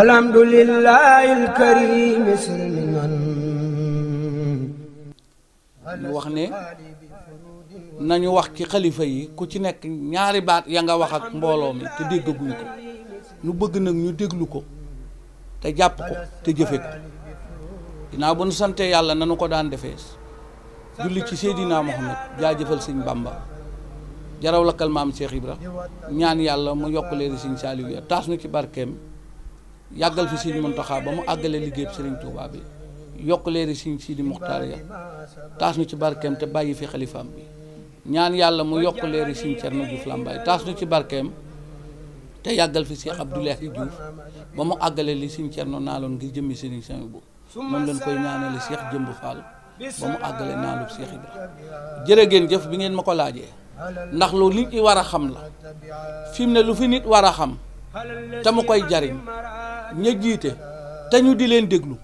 alhamdulillahi alkarim wax ne nañu wax ci xalifa yi ku ci nekk ñaari baat ya nga wax ak mbooloo mi te déggaguñ ko ñu bëgg nag ñu déglu ko te jàpp ko te jëfe ko ginnaaw ba nu sante yàlla nanu ko daan defee julli ci Seydina Mohamed jaajëfal sëñ Bamba jaraw lakkal maam Cheikh Ibra ñaan yàlla mu yokk leen sëñ Saaliw ya taas nu ci barkeem yàggal fi Sëriñ Muntaxa ba mu àggale liggéeyub Sëriñ Tuubaa bi yokk leeri Sëriñ Sidi Muxtaar ya taas ñu ci barkeem te bàyyi fi xalifaam bi ñaan yàlla mu yokk leeri Sëriñ Cerno Juuf Làmbaay taas nu ci barkeem te yàggal fi Cheikh Abdoulahi Diouf ba mu àggale li Sëriñ Cerno naaloon ngir jëmmi Sëriñ Sami bu moom lañ koy ñaanale Cheikh Jëmb Fall ba mu àggale naalub Cheikh Ibra jërë geen jëf bi ngeen ma ko laajee ndax lu nit yi war a xam la fi mu ne lu fi nit war a xam te mu koy jariñ ña jiite te ñu di leen déglu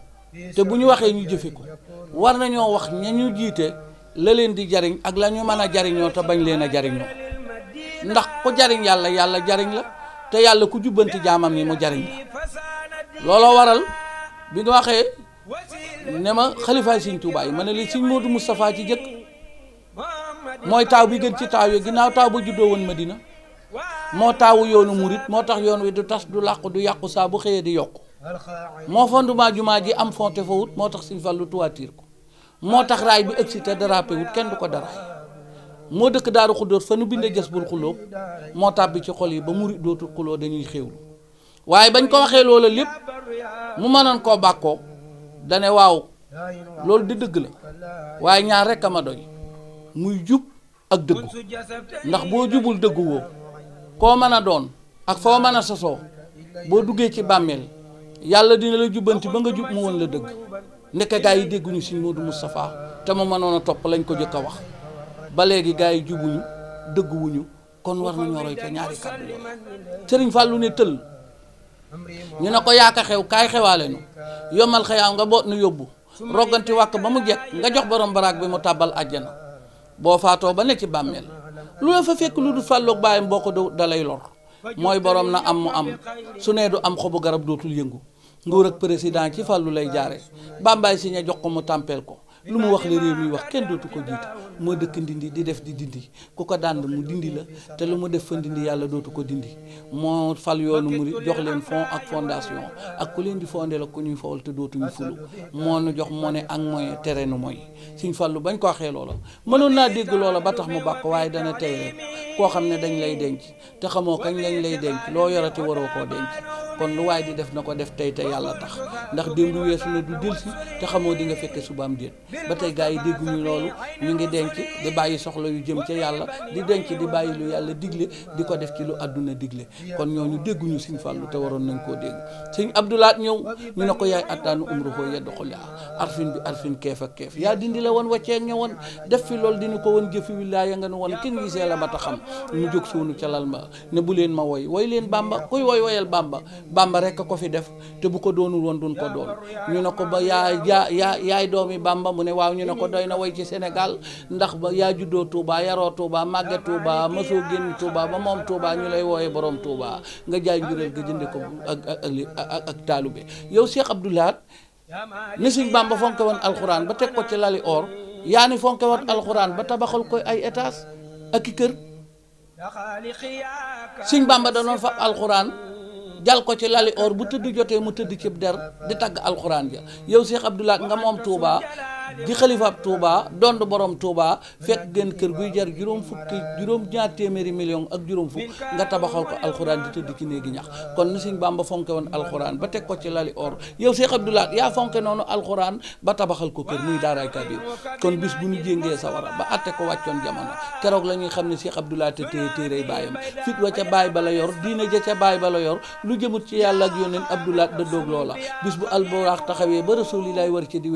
te bu ñu waxee ñu jëfe ko war nañoo wax ña ñu jiite la leen di jariñ ak la ñu mën a jariñoo te bañ leen a jariñoo ndax ko jariñ yàlla yàlla jariñ la te yàlla ku jubbanti jaamam yi mu jariñ la looloo waral bi nga waxee ne ma xalifaay Sëñ Tuubaa yi ma ne li Sëñ Moodu Moustapha ci jëkk mooy taaw bi gën ci taaw yi ginnaaw taaw ba juddoo woon ma dina moo taawu yoonu murit moo tax yoon wi du tas du làqu du yàqu saa bu xëyee di yokk moo fondement jumaa ji am fonte fa moo tax Sëñ Fallu tuwaatiir ko moo tax raay bi te dérapé wut kenn du ko dara moo dëkk daaru xudóor fa nu binde jës bul xuloo moo tàbbi ci xol yi ba murit dootul xuloo dañuy xéewlu waaye bañ ko waxee loola lépp mu mënoon koo bàkkoo dane waaw loolu di dëgg la waaye ñaar rekk a ma doy muy jub ak dëggu ndax boo jubul dëggu koo mën a doon ak foo mën a sosoo boo duggee ci bàmmeel yàlla dina la jubbanti ba nga jub mu woon la dëgg ndeke gaa yi dégguñu Sëñ Moodu Moustapha te mu mënoon topp lañ ko jëkk a wax ba léegi gaa yi jubuñu dëgguwuñu kon war nañoo roy ca ñaari kàddu yooyu sëriñ Fàllu ne tëll ñu ne ko yaaka xew kaay xewaale nu yomal xëyaaw nga boot nu yóbbu roganti wàkk ba mu jekk nga jox borom baraag bi mu tàbbal àjjana boo faatoo ba ne ci bàmmeel lu la fa fekk lu du fàlloog bàyyam boo ko du dalay lor mooy borom na am mu am su nee du am xobu garab dootul yëngu nguur ak président ci fàllu lay jaare bàmbaay si ña jox ko mu tàmpeel ko lu mu wax la réew mi wax kenn dootu ko jiite moo dëkk ndindi di def di dindi ku ko dànd mu dindi la te lu mu def fa ndindi yàlla dootu ko dindi moo fal yoonu mu jox leen fond ak fondation ak ku leen di fondé la ku ñuy fawal te dootuñu fulu moo nu jox moo ne ak mooy terrain nu mooy suñ fallu bañ ko waxee loola mënoon naa dégg loola ba tax mu bàkk waaye dana tey rek koo xam ne dañ lay denc te xamoo kañ lañ lay denc loo yorati waroo koo denc kon lu waay di def na ko def tey te yàlla tax ndax démb weesu na du delsi te xamoo di nga fekke subaam déet ba tey gaa yi ñu loolu ñu ngi denc di bàyyi soxla yu jëm ca yàlla di denc di bàyyi lu yàlla digle di ko def ci lu àdduna digle kon ñoo ñooñu dégguñu Sëñ Fallu te waroon nañ koo dégg Sëñ Abdulaat ñëw ñu ne ko yaay attaanu umru ko yedd xulaa arfin bi arfin keef ak keef yaa dindi la woon waccee ñëwoon def fi loolu dinu ko woon jëfi wilaaya nga nu woon kenn la ba xam ñu jóg suunu ca lal ma ne bu leen ma woy woy leen bàmba kuy woy woyal bàmba bàmba rek a ko fi def te bu ko doonul woon duñ ko doon ñu ne ko ba yaa yaa yaa yaay doomi bàmba mu ne waaw ñu ne ko doy na woy ci senegal ndax ba yaa juddoo tuuba yaroo Touba màgge Touba masoo génn Touba ba moom Touba ñu lay wooyee boroom Touba nga jaay njureel nga jënd ko ak ak ak yow Cheikh Abdou Lahad ni Sëñ Bàmba fonke woon alxuraan ba teg ko ci lali or yaa ni fonke ba tabaxal koy ay étage kër sëñ Bàmba danoon fab alxuraan jal ko ci lali or bu tëdd jotee mu tëdd cib der di tagg alxuraan ja yow Cheikh Abdoulaye nga moom Touba di xalifaab Touba dond borom Touba fekk ngeen kër guy jar juróom fukk juróom ñaar téeméeri million ak juróom fukk nga tabaxal ko alxuraan di tëdd ki néegi ñax kon ni Sëñ ba fonke woon alxuraan ba teg ko ci lali or yow Cheikh Abdoulaye yaa fonke noonu alxuraan ba tabaxal ko kër muy daaraay kabir kon bis bu ñu jéngee sawara ba atte ko wàccoon jamono keroog la ñuy xam ne Cheikh Abdoulaye te téye téerey baayam fit wa ca baay ba la yor diine ja ca baay ba la yor lu jëmut ci yàlla ak yoneen Abdoulaye da doog loola bis bu alburaax taxawee ba rasulilaay war ci di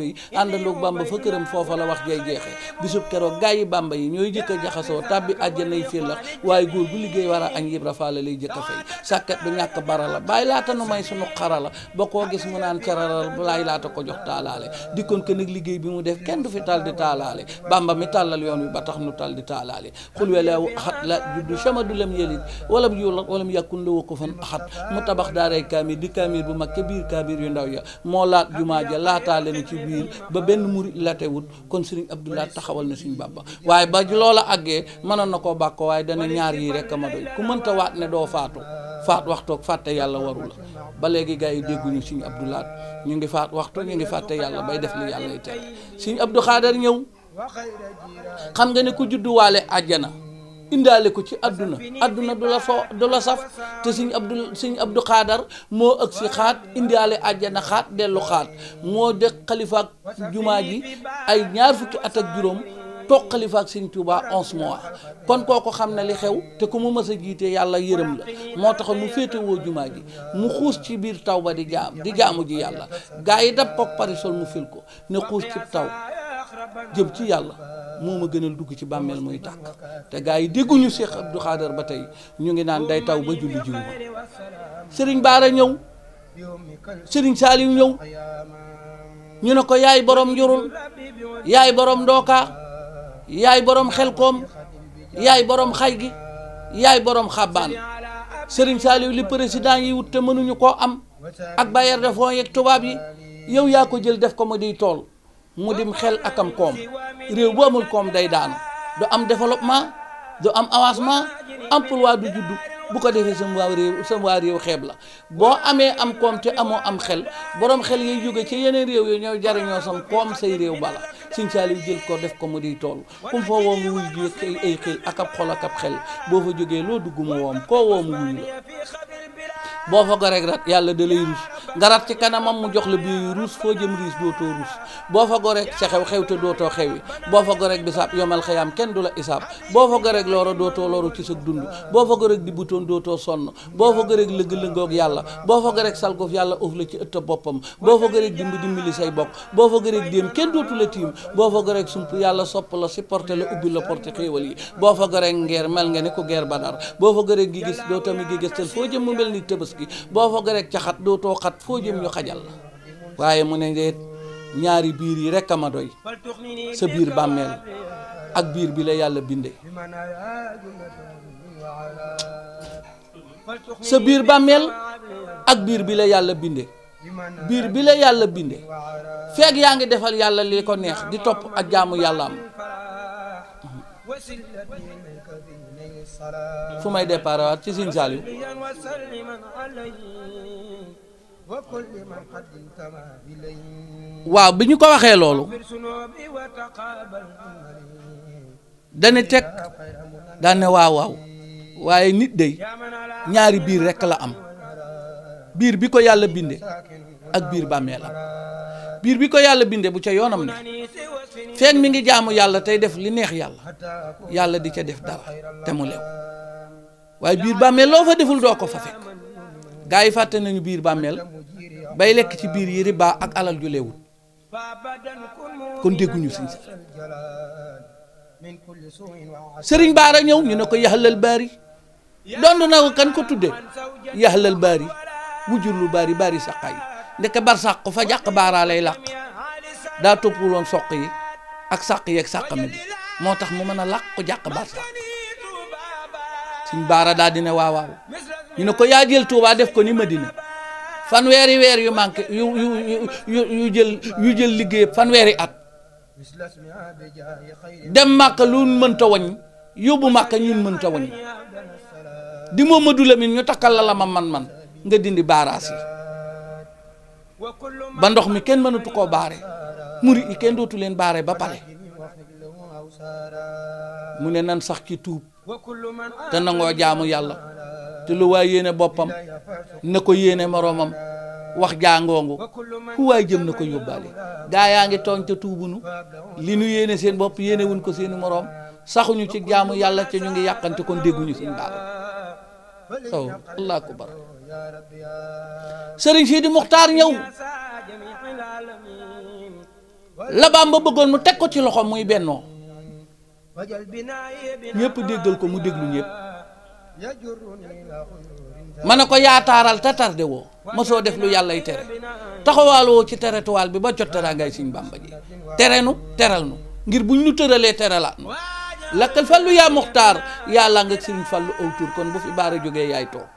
bamba fa këram foofa la wax jay jeexee bisub keroog gaa yi bamba yi ñooy jëkk a jaxasoo tàbbi àjjanay fillax waaye góor gu liggéey war a añ Ibra Faal la lay jëkk a fay sàkkat du ñàkk bara la bàyyi laata nu may sunu xara la ba koo gis mu naan cararal laay laata ko jox taalaale dikkoon ko nag liggéey bi mu def kenn du fi tal di taalaale bamba mi tàllal yoon wi ba tax nu tal di taalaale xul welaawu axat la juddu chamadu lam yelit walam yulat walam yàkkun la wakku fan axat mu tabax daaray kaamir di kaamir bu mag ca biir yu ndaw ya moo laat jumaa ja laataale na ci biir latewut kon Serigne Abdoulaye taxawal na suñu ba waaye ba loola àggee a na koo bàkk waaye dana ñaar yii rek ma doy ku mënta waat ne doo faatu faat waxtoog fàtte yàlla waru la ba léegi gars yi dégguñu Serigne Abdoulaye ñu ngi faat waxtu ñu ngi fàtte yàlla bay def li yàlla yi tere Serigne Abdou Khader ñëw xam nga ne ku judduwaale àjjana indiaale ko ci adduna adduna du la so du la saf te sëñ abdu sëñ abdu xaadar moo ëgg si xaat indaale àjjana xaat dellu xaat moo de xalifaak jumaa ji ay ñaar fukki at ak juróom toog xalifaak sëñ Tuuba onze mois kon kooko xam ne li xew te ko mu mës a jiite yàlla yërëm la moo tax mu féetewoo jumaa ji mu xuus ci biir taw ba di jaam di jaamu ji yàlla gaa yi dab ko sol mu fil ko ne xuus ci taw jëm ci yàlla moo ma gënal dugg ci bàmmeel muy tàkk te gaa yi dégguñu Cheikh Abdou Khader ba tey ñu ngi naan day taw ba julli jiw ba Baara ñëw Serigne saaliyu ñëw ñu ne ko yaay borom njurul yaay borom ndookaa yaay borom xelkoom yaay boroom xay gi yaay borom xàbbaan Serigne Saliou li président yi wut te mënuñu koo am ak bailleur de fonds yeeg tubaab yi yow yaa ko jël def ko ma di tool. mu dim xel akam koom réew bu amul koom day daanu du am développement du am avancement emploi du juddu bu ko defee sam waa réew sam waa réew xeeb la boo amee am koom te amoo am xel boroom xel yiy jóge ci yeneen réew yi ñooy jariñoo sam koom say réew bala Sëñ Saaliw jël ko def ko mu di toll kum fa woo mu wuy ay xëy ak ab xol ak ab xel boo fa jógee loo dugg mu woom koo woo mu la boo fa goree rat yàlla da lay ruus nga rat ci kanamam mu jox la biyu ruus foo jëm ruus dootoo ruus boo fa goree sa xew xew te dootoo xew xewi boo fa goree bisaab yomal xayaam kenn du la isaab boo fa goree looro dootoo loru ci sa dund boo fa goree di butoon dootoo sonn boo fa goree lëgg-lëngoog yàlla boo fa goree salgof yàlla ëf la ci ëtt boppam boo fa goree dimb dimbali say bokk boo fa goree déem kenn dootu la tiim boo fa goree sump yàlla sopp la si porté la ubbi la porté xéewal yi boo fa goree ngeer mel nga ne ko geer badar boo fa goree gi gis doo tamit gi gis tel foo jëm mu mel ni tëbës gi boo foog rek ca xat dootoo xat foo jëm ñu xajal la waaye mu ne de ñaari biir yi rek a ma doy sa biir bàmmeel ak biir bi la yàlla bindee sa biir bàmmeel ak biir bi la yàlla bindee biir bi la yàlla bindee yaa ngi defal yàlla li ko neex di topp ak jaamu yàlla am su may départ waat ci Sëriñ Saaliw waaw bi ñu ko waxee loolu dane teg daan waaw waaw waaye nit day ñaari biir rekk la am biir bi ko yàlla binde ak biir bàmmeelam biir bi ko yàlla binde bu ca yoonam ne feeg mi ngi jaamu yàlla tey def li neex yàlla yàlla di ca def dara te mu lew waaye biir bàmmeel loo fa deful doo ko fa fekk gaa yi fàtte nañu biir bàmmeel bay lekk ci biir yi riba ak alal ju leewul kon dégguñu suñ sa sëriñ baara ñëw ñu ne ko yaxlal baari dondu na ko kan ko tudde yaxlal baari wujur lu baari baari saqaay ndeke bar sàq fa jàq baaraa lay làq daa toppul soq yi ak sàq yeeg sàqam bi moo tax mu mën a làqu jàq baat sàq suñ baara daal di ne waaw ñu ne ko yaa jël Touba def ko ni Madina fanweeri weer yu manqué yu yu yu yu jël yu liggéey fanweeri at dem màkk lu mënta wañ yóbbu màkk ñun mënta wañ di Mamadou mi ñu takkal la la ma man-man nga dindi baaraas yi ba ndox mi kenn mënatu koo baare murit yi dootu leen baare ba pare mu ne nan sax ci tuub te nangoo jaamu yàlla te lu waay yéene boppam na ko yéene moroomam wax jàngoongu ku waay jëm na ko yóbbaale gaa yaa ngi tooñ te tuubunu li nu yéene seen bopp yéenewuñ ko seeni moroom saxuñu ci jaamu yàlla ci ñu ngi yàqante kon dégguñu seen baara so allah akbar sëriñ ñëw la Bamba bëggoon mu teg ko ci loxoom muy bennoo ñëpp déggal ko mu déglu ñëpp ma ne ko yaataaral te tardé mosoo def lu yàllay tere taxawaal woo ci territoire bi ba jot dara ngay Sëñ Bàmba ji tere nu teral nu ngir bu ñu tëralee teralaat nu lakkal fallu yaa muxtaar yàlla nga Sëñ Fallu aw tur kon bu fi baara jógee yaay toog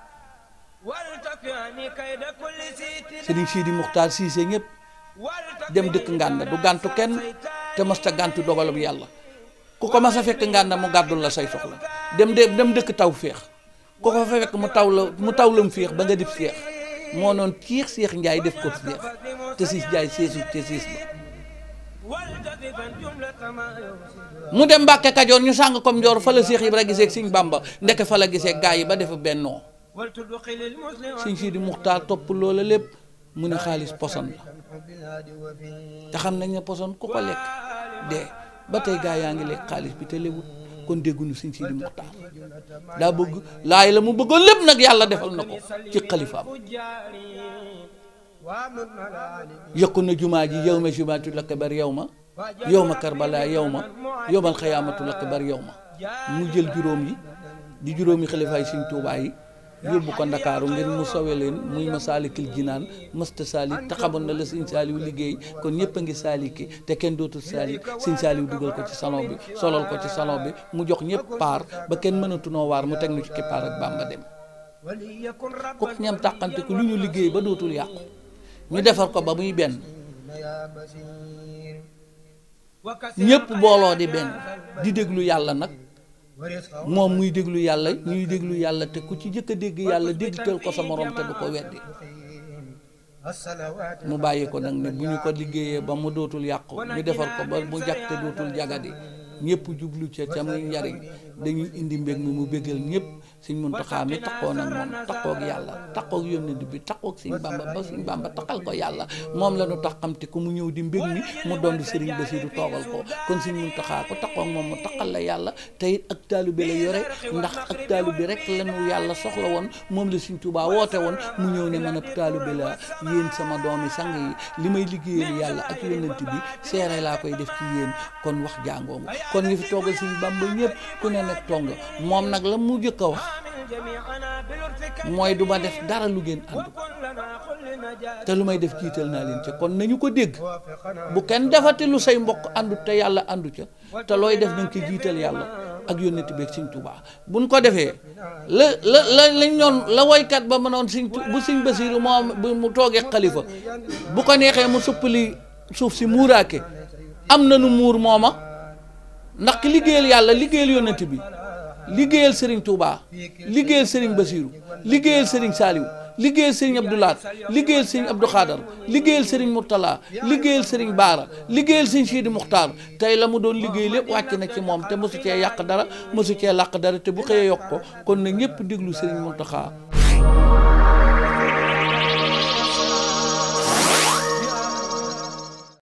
Sëriñ Sidi Muxtaar Siise ñëpp dem dëkk ngànda du gàntu kenn te mas ta gàntu dogalam yàlla ku ko mas a fekk ngànda mu gàddul la say soxla dem de dem dëkk taw feex ku ko fa fekk mu taw la mu taw la mu féex ba nga dib seex moo noon kiix seex njaay def ko seex te siis njaay seesu te siis mu dem mbàkke kajoor ñu sàng comme njoor fa la seex Ibra gisee ak sëñ bàmba ndeke fa la gisee gaa yi ba defa bennoo sëñ di Muxtaar topp loola lépp mu ne xaalis poson la te xam nañ ne poson ku ko lekk dee ba tey gaa yaa ngi lekk xaalis bi te lewut kon dégguñu sëñ Sidi Muxtaar daa bëgg laay la mu bëggoon lépp nag yàlla defal na ko ci xalifaam yëkku na jumaa ji yow ma jumaatul akbar yow ma yow ma karbala yow ma yow ma alxiyaamatul yow ma mu jël juróom yi di juróomi xalifaay sëñ Tuubaa yi yóbbu ko ndakaaru ngir mu sowe leen muy ma saalikil jinaan mësta saalik te xamoon na la sëñ saaliw liggéey kon ñëpp a ngi saaliki te kenn dootul saalik sëñ saaliw dugal ko ci salon bi solal ko ci salon bi mu jox ñëpp paar ba kenn mënatunoo waar mu teg nu ci kippaar ak Bàmba dem ku ñam tàqante ku lu ñu liggéey ba dootul yàqu ñu defar ko ba muy benn ñëpp booloo di benn di déglu yàlla nag moom muy déglu yàlla ñuy déglu yàlla te ku ci njëkk a dégg yàlla dégtal ko sa morom te du ko weddi mu bàyyi ko nag ne bu ñu ko liggéeyee ba mu dootul yàqu ñu defar ko ba mu jàkk te dootul jagadi ñëpp jublu ca ca muy njariñ dañuy indi mbég mi mu bégal ñëpp sëñ Muntaxa mi taxoon ak moom taxoog yàlla taxoog yónnent bi taxoog sëñ Bamba ba sëñ Bamba taxal ko yàlla moom la ñu tax xam te ko mu ñëw di mbég mi mu doon sëriñ Basiru toogal ko kon sëñ Muntaxa ko taxoog moom mu taxal la yàlla tey ak taalu bi la yore ndax ak taalu bi rek lañu yàlla soxla woon moom la sëñ Tuubaa woote woon mu ñëw ne man ab taalu bi la yéen sama doomi sang yi li may liggéeyal yàlla ak yónnent bi seere laa koy def ci yéen kon wax jàngoongu kon ñu mooy du ma def dara lu ngeen ànd te lu may def jiital naa leen ca kon nañu ko dégg bu kenn defati lu say mbokk àndu te yàlla àndu ca te looy def nañ nga ko jiital yàlla ak yónnent bi ak Sëñ Tuubaa buñ ko defee la la la lañ ñoon la woykat ba mënoon Sëñ bu Sëñ Basiiru moom bu mu toogee xalifa bu ko neexee mu li suuf si muuraake am na nu muur mooma ndax liggéeyal yàlla liggéeyal yónnent bi liggéeyal Serigne Touba liggéeyal Serigne Basirou liggéeyal Serigne Saliou liggéeyal Serigne Abdoulaat liggéeyal Serigne Abdou Khadar liggéeyal Serigne Mourtala liggéeyal Serigne Baara liggéeyal Serigne Sidi Muxtaar tey la mu doon liggéey lépp wàcc na ci moom te mosu cee yàq dara mosu cee làq dara te bu xëyee yokk ko kon na ñëpp déglu Serigne Mountakha.